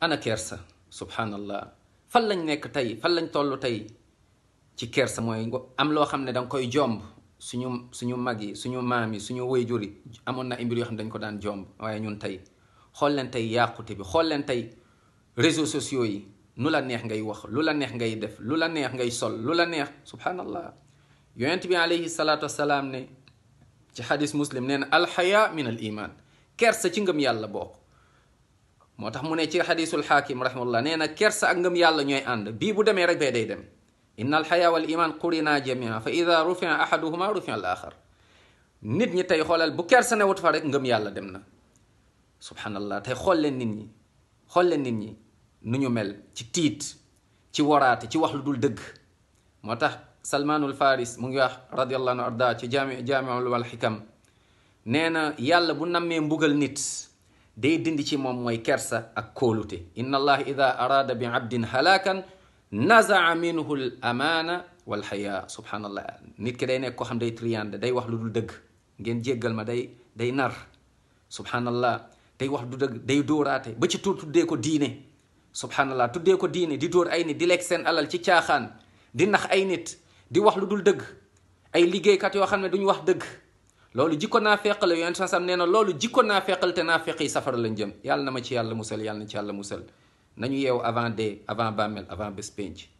ana kersa subhanallah fan lañ nekk tey fan lañ toll tey ci kersa mooy am loo xam ne da nga koy jomb suñu suñu mag yi suñu maam yi suñu wayjur yi amoon na ay mbir yoo xam ne dañ ko daan jomb waaye ñun tey xool leen tey yàqute bi xool leen tey réseaux sociaux yi nu la neex ngay wax lu la neex ngay def lu la neex ngay sol lu la neex subhanallah yonent bi alayhi salaatu wasalaam ne ci xadis muslim nee na alxaya min al iman kersa ci ngëm yàlla bokk motax tax mu ne ci hadithul hakim rahimahullah nee kersa ak ngam yàlla ñoy ànd bi bu démé rek bee day dem innal haya wal iman qurina jamia fa idha rufia ahaduhuma rufia al akhar nit ñi tay xolal bu kersa ne wut fa rek ngam yàlla dem na subhanallah tay xol leen nit ñi xol leen nit ñi nu ñu mel ci tit ci worate ci wax lu dul deug motax سلمان الفارس من يح رضي الله عنه anhu في جامع جامع الوالحكم نينا xikam بنا مين بغل bu day dindi ci moom mooy kersa ak kóolute inna allaha ida araada bi abdin halaakan nazaa minhu l amaana wal xayaa subhanallah nit ki day nekk koo xam day triande day wax lu dul dëgg ngeen jéggal ma day day nar subhanallah day wax du dëgg day dóoraate ba ci tuddee ko diine subhanallah tuddee ko diine di dóor ay nit di lekk seen alal ci caaxaan di nax ay nit di wax lu dul dëgg ay liggéeykat yoo xam ne duñu wax dëgg loolu jikko na feqal yonent sa sam neena na jikko na feqal te na feq safar lañ jëm yàlla na ma ci yàlla musal yàlla na ci yàlla musal nañu yew avant dé avant bamel avant bespench